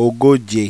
ogóje